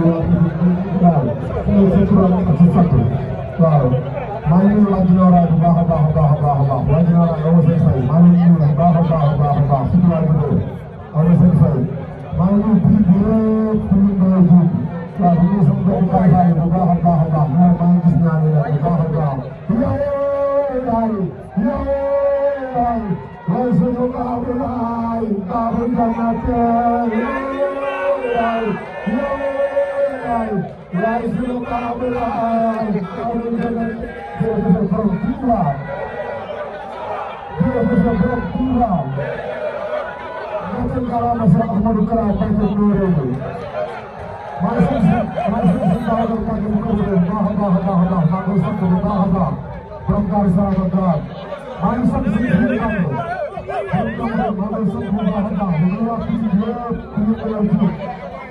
waaw suñu suñu turam nekk ci sant waaw maa ngi nuyu waa Dinaora bu baax a baax a baax a baax a baax waa Dinaora yow seen fay maa ngi nuyu bu baax a baax a baax a baax surtout waa Dinaora yow seen fay maa ngi nuyu biir bi yëpp pour ñu doon jiw waaw bu ñu sama mbokku baykat yi bu baax a baax a baax man maa ngi gis naa ne la bu baax a baax yaay yaay yaay yaay suñu baax a baax baaxul gànnaaw teel yaay yaay الحلال ويسلك أمر الحلال أمر الجنة بالفرقوة بالفرقوة مثل كلام الشيخ أحمد كلام بيت النورين ما يسلسل ما يسلسل بعد الكاك المكبرين ما هدا هدا هدا ما يسلسل هدا هدا برمكار سلام الدار ما يسلسل في الأمر ما يسلسل هدا هدا هدا هدا هدا هدا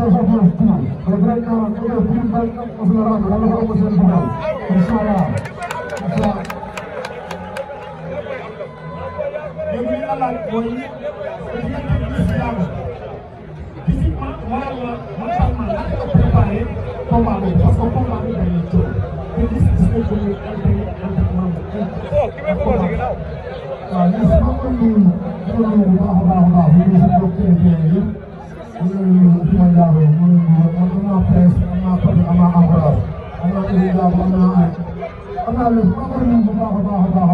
mais vraiment dañoo fi ñu bëri ak suñu raadu wala wala wala seen bëggoon incha allah. mais bu ñu la laaj mooy islam physiquement moralement mentalement lan nga préparé combat bi parce que combat bi dañuy jóg te gis gis nga ko ñu entraîné entraînement bi ak combat waaw mais si ma ko nuyu di ko nuyu bu baax a baax a baax ñu ngi si xam ne xamal nañu bu baax a baax a baax a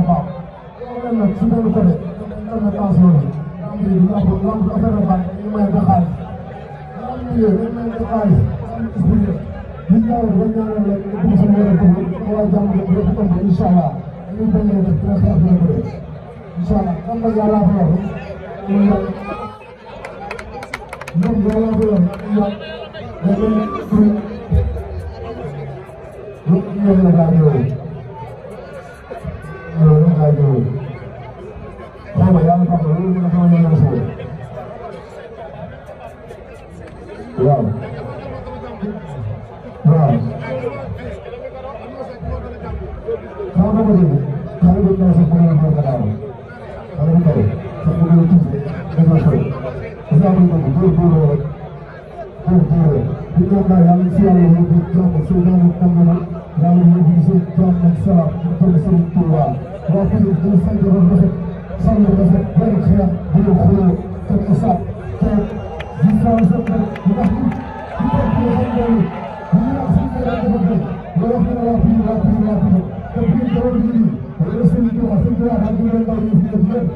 baax problème nag su benn côté intermédiation la am léegi lamb lamb affaire la bàyyi ñu may daxaar am milieu dañ may daxaar am expliqué gis naa ne dañ ñaanal rek bu suñu yore ko waa jàmm bi dafa tomb incha allah ñu bañ a def très bien ko def incha allah kan la yàlla fa yor ñoom yàlla fa yor ñoom dañ leen tuuti ñoom ñoom la daa ñëw loolu laa jógee xaw ma yàlla tax na loolu la sama ñaanal si waaw waaw sama bopp bi xale bi ñu sax bëgg na ko dara xale bu ndaw sax bëgg na tuuti dafa sori dafa am lu bëgg góor góor rek góor góor rek di ñaan naa yàlla si yàlla yëpp di jàmm si yàlla yàlla boo xam ne dañu sànni ba rafet sànni ba rafet benn xeex dina xuloo te isaab te di saa sa kër ndax ñu ci kër gi xam nga ni bu ñu wax suñu kër dafa gën nga wax ne laa fi laa fi laa fi te bu ñu doon ñu nii wala seen i wax seen i wax ak ñu leen daw ñu fi def yëpp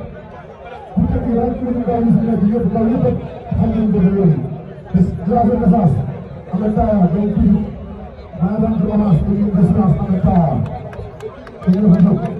bu fekkee daal ñu leen daw ñu fi nekk yëpp daw yëpp xam nañ ko ba yooyu bis troisième message am na taa donc maanaam commence pour une distance am na taa dañu ko jóg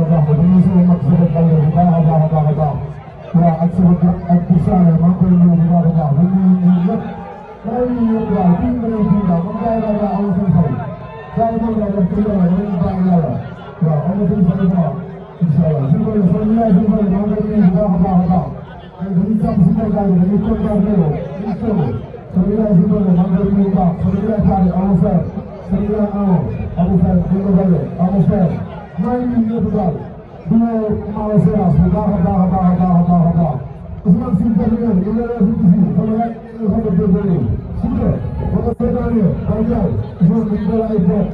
a baax a dañuy sama mag sama xale bu baax a baax a baax a baax waaw ak sama ak bu saane maa ngi koy nuyu bu baax a baax ba ñu ñu ñëpp maa ngi nuyu ñëpp waaw kii nga lay fii waaw man gars yi daal amul seen fay gars yi moom laa def kii yàlla yàlla ñu baax yàlla waaw amul seen fay quoi incha allah suñu ko defee ñu lay suñu ko defee maa ngi koy nuyu bu baax a baax a baax dañuy jàpp si kaw gars yi dañuy kontaan ak yow ñu sëb sama yaay suñu ko defee maa ngi koy nuyu bu baax sama yaay Sadio amul frère sama yaay Awa amul frère suñu ko defee amul frère maa ngi nuyu ñëpp daal di nuyu Mara Séras bu baax a baax a baax a baax a baax a baax Ousmane Sy Diagne ñu ngi lay suñu si xam nga rek ñu xam nga dégg nañu suñu ba ko seetaanee ba jaay Ousmane ñu doon ay bopp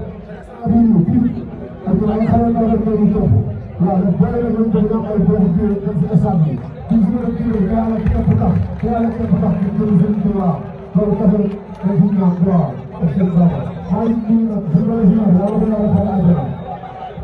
ak yu kii ak ay xale yoo xam ne ñu topp waaw nag bàyyi la ñu doon ay bopp biir dem si stade bi kii su ma kii la yàlla képp tax yàlla képp tax ñu jëm seen tubaab loolu kese la ñu naan waaw ak seen baax maa ngi nuyu nag si loolu si nag yàlla ko yàlla xale àjjana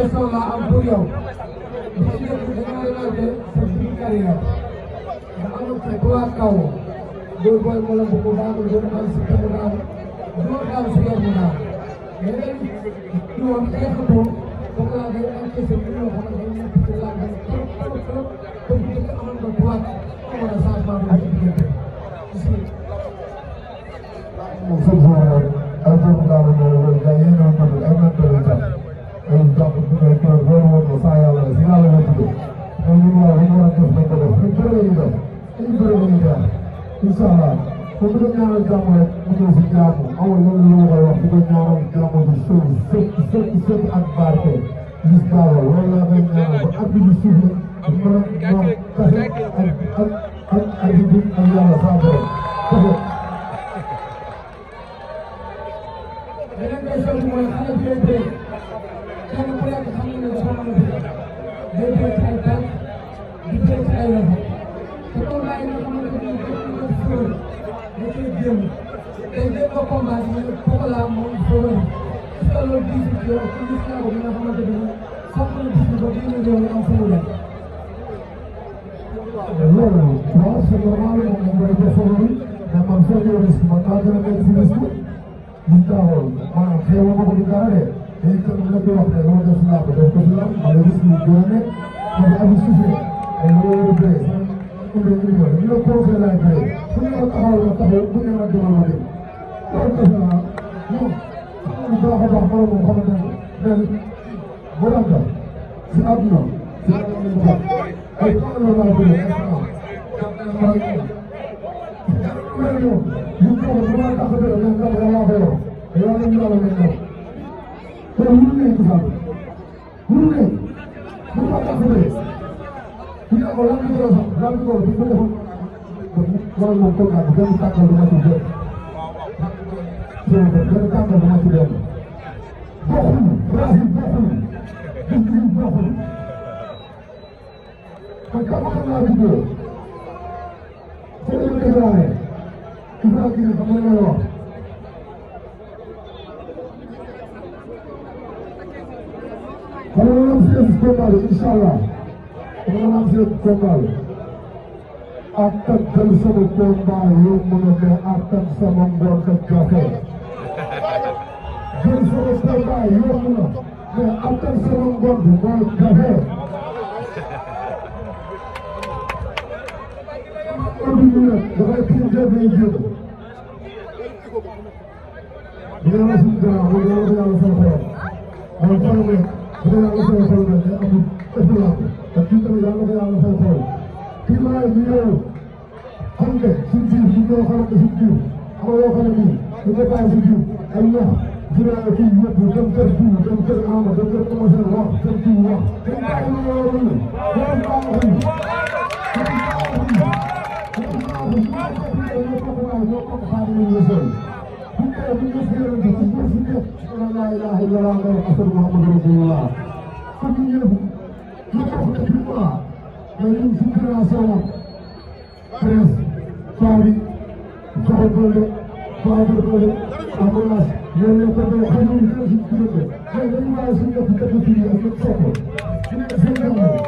question la am pour yow bu si nekk dañoo sa biir carrière nga amoon sa trois kaw booy booy wala bu ko daanul doon am si kaw daal doo daal si yow mu daal yeneen ñu woon xeexatoo foog laa ngay am question bi ñoo koy keroog loolu moom la saa yàlla la si yàlla la tuddee mais ñun waa li ñu war a def nañ ko def ñu bëri la ñuy def dañu bëri la ñuy def incha allah comme que ñaanal jàmm rek mu ñëw si jàmm amul loolu lu ma koy wax di ko ñaanal jàmm bu suuf sëkk sëkk sëkk ak barke gis daal loolu laa koy ñaanal ba at bi di suuf rek mën a ñoom kase tey jéem a combat bi Pokola moom Dóor est-ce que loolu diis na yow gis naa ko bi nga xamante ne nii foog nga diis ko kii nga ñëw am fu mu nekk. loolu waaw c'est normal moom moom mooy defoon bi ndax man soo ñëwee risque man maa gën a nekk si risque bi ñu taxawoon maanaam xëy na ma ko di dara de day kër nga koy wax ne loolu def naa ko def ko ci laam ma ne risque bi dina nekk ma ne am suufee ma ne loolu bee ma ne loolu bee ñu ne projet laay bee. bu ne ma taxawal ma taxaw bu ne ma demal ma dem loolu defe naa ñoom xam nga baax a baax loolu moom xamante ne benn boo daan def si àdduna si àdduna lañ ko xam ay xam nga maa bëgg ay xam maa ngi ñëw yàlla mel ni moom ñu ko xam damaa tax a bëgg ñoom dafa yàlla fa yor yàlla ñu yàlla leen ñëw te mënu leen ci sax mënu leen bu ma tax a bëgg ñu ne ko lan la ñu doon sax lan la ñu doon bu ñu ko defoon loolu moom foog naa benn tàngoor bu ma ci jëm. jërëjëf benn tàngoor bu ma ci jëm. bokkul rajo bokkul. gis gis bokkul. kon kàmm xam naa ci biir. sëñ bi nga jëlaatee. ki nga xam ne xam nga la wax. xam nga maanaam si yëf combat bi incha allah. xam nga maanaam si yëf combat bi. attan jël sama combat yomb na mais attan ka jafe jël sama combat yomb na mais attan sama ngor bi mooy jafe. adduna dafay tënkee bay jëm. yàlla suñu gaaw mooy yàlla yàlla soo xool mooy xool ne bu dee yàlla soo xool ne day amul ëpp laa ko ak kii tamit kii maa ngi ñëw xam nga suñ biir suñ ñoo xamante suñ biir xam nga yoo xam ne nii dañ koy bàyyi suñ biir ay ñax su ne la kii yëpp dem kër jiw dem kër Ama dem kër Amacem wax kër jiw wax. dañ bàyyi lu ñu waroon ne dañ baaxul dañ baaxul dañ baaxul ñoo ko baax ñoo ko xaar ñu ñu seen. bu ñu koy bu ñu koy yëngu suñ ko suñ ko. la ilaha illallah Muhammadu rasulullah mais ñun suñu fédération moom presse Paris Jokalante Paris Jokalante Ambulance ñoom ñoo ko doon xam ñu ngi suñu diggante mais dañu bàyyi suñu yëpp dëkk fii ak yëpp sopp ñu nekk seen jamono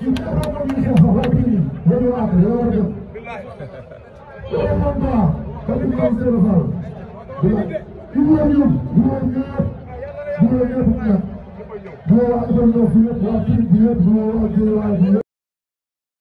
ñu nekk ak ñoom ñu xeex wax fii nii dañu waat yow war a jëm. loolu moom baax ba ñu ko am seen faal bi la ñu ñëw ñëpp ñu ñëw ñëpp ñu ñëw ñëpp ñu ñëpp.